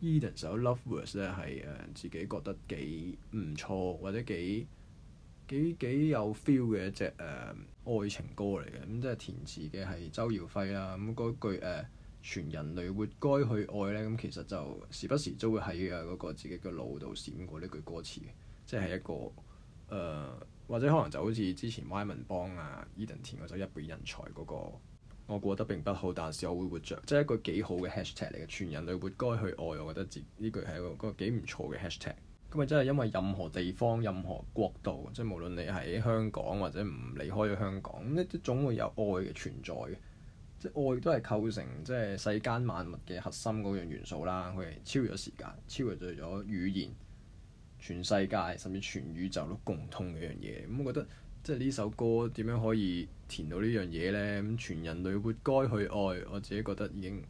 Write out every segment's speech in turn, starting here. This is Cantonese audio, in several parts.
Eden 首《LOVERSE》咧係誒自己覺得幾唔錯或者幾幾幾有 feel 嘅一隻誒、呃、愛情歌嚟嘅，咁、嗯、即係填詞嘅係周耀輝啦、啊。咁、嗯、嗰句誒、呃、全人類活該去愛咧，咁、嗯、其實就時不時都會喺誒嗰個自己嘅腦度閃過呢句歌詞，即係一個誒、呃、或者可能就好似之前 Wyman 幫啊 Eden 填嗰首《一表人才、那》嗰個。我過得並不好，但是我會活着。即係一個幾好嘅 hashtag 嚟嘅。全人類活該去愛，我覺得自呢句係一個、嗰個、幾唔錯嘅 hashtag。咁咪真係因為任何地方、任何國度，即係無論你喺香港或者唔離開咗香港，呢都總會有愛嘅存在嘅。即係愛都係構成即係世間萬物嘅核心嗰樣元素啦。佢係超越咗時間、超越咗語言，全世界甚至全宇宙都共通一樣嘢。咁我覺得。即係呢首歌點樣可以填到呢樣嘢呢？咁全人類活該去愛，我自己覺得已經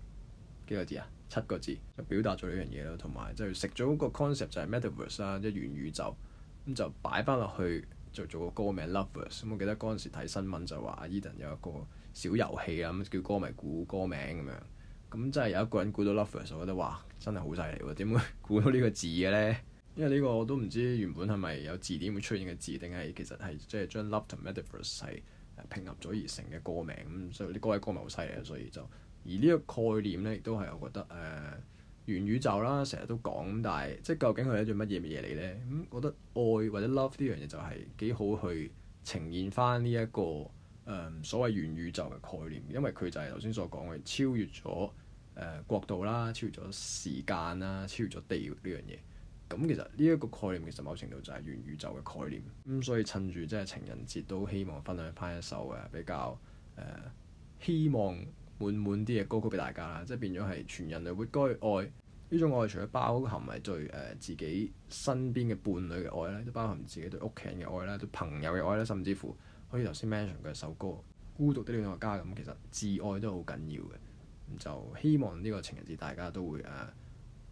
幾個字啊？七個字就表達咗呢樣嘢啦。同埋即係食咗個 concept 就係 metaverse 啦，一元宇宙咁就擺翻落去就做，做個歌名 LOVERSE，咁我記得嗰陣時睇新聞就話 Edan 有一個小遊戲啊，咁叫歌迷估歌名咁樣。咁真係有一個人估到 LOVERSE，我覺得哇，真係好犀利喎！點會估到呢個字嘅呢？因為呢個我都唔知原本係咪有字典會出現嘅字，定係其實係即係將 love 同 metaverse 係拼合咗而成嘅歌名咁，所以呢個位歌迷好犀利啊！所以就而呢個概念咧，亦都係我覺得誒、呃、元宇宙啦，成日都講，但係即係究竟佢係一種乜嘢嘅嘢嚟咧？咁、嗯、我覺得愛或者 love 呢樣嘢就係幾好去呈現翻呢一個誒、呃、所謂元宇宙嘅概念，因為佢就係頭先所講嘅超越咗誒、呃、國度啦，超越咗時間啦，超越咗地呢樣嘢。咁其實呢一個概念其實某程度就係元宇宙嘅概念，咁所以趁住即係情人節都希望分享翻一首誒比較誒、呃、希望滿滿啲嘅歌曲俾大家啦，即係變咗係全人類活該愛呢種愛，除咗包含係對誒自己身邊嘅伴侶嘅愛咧，都包含自己對屋企人嘅愛啦，對朋友嘅愛啦，甚至乎可以頭先 mention 嘅首歌《孤獨的戀愛家》咁，其實自愛都好緊要嘅，咁就希望呢個情人節大家都會誒。呃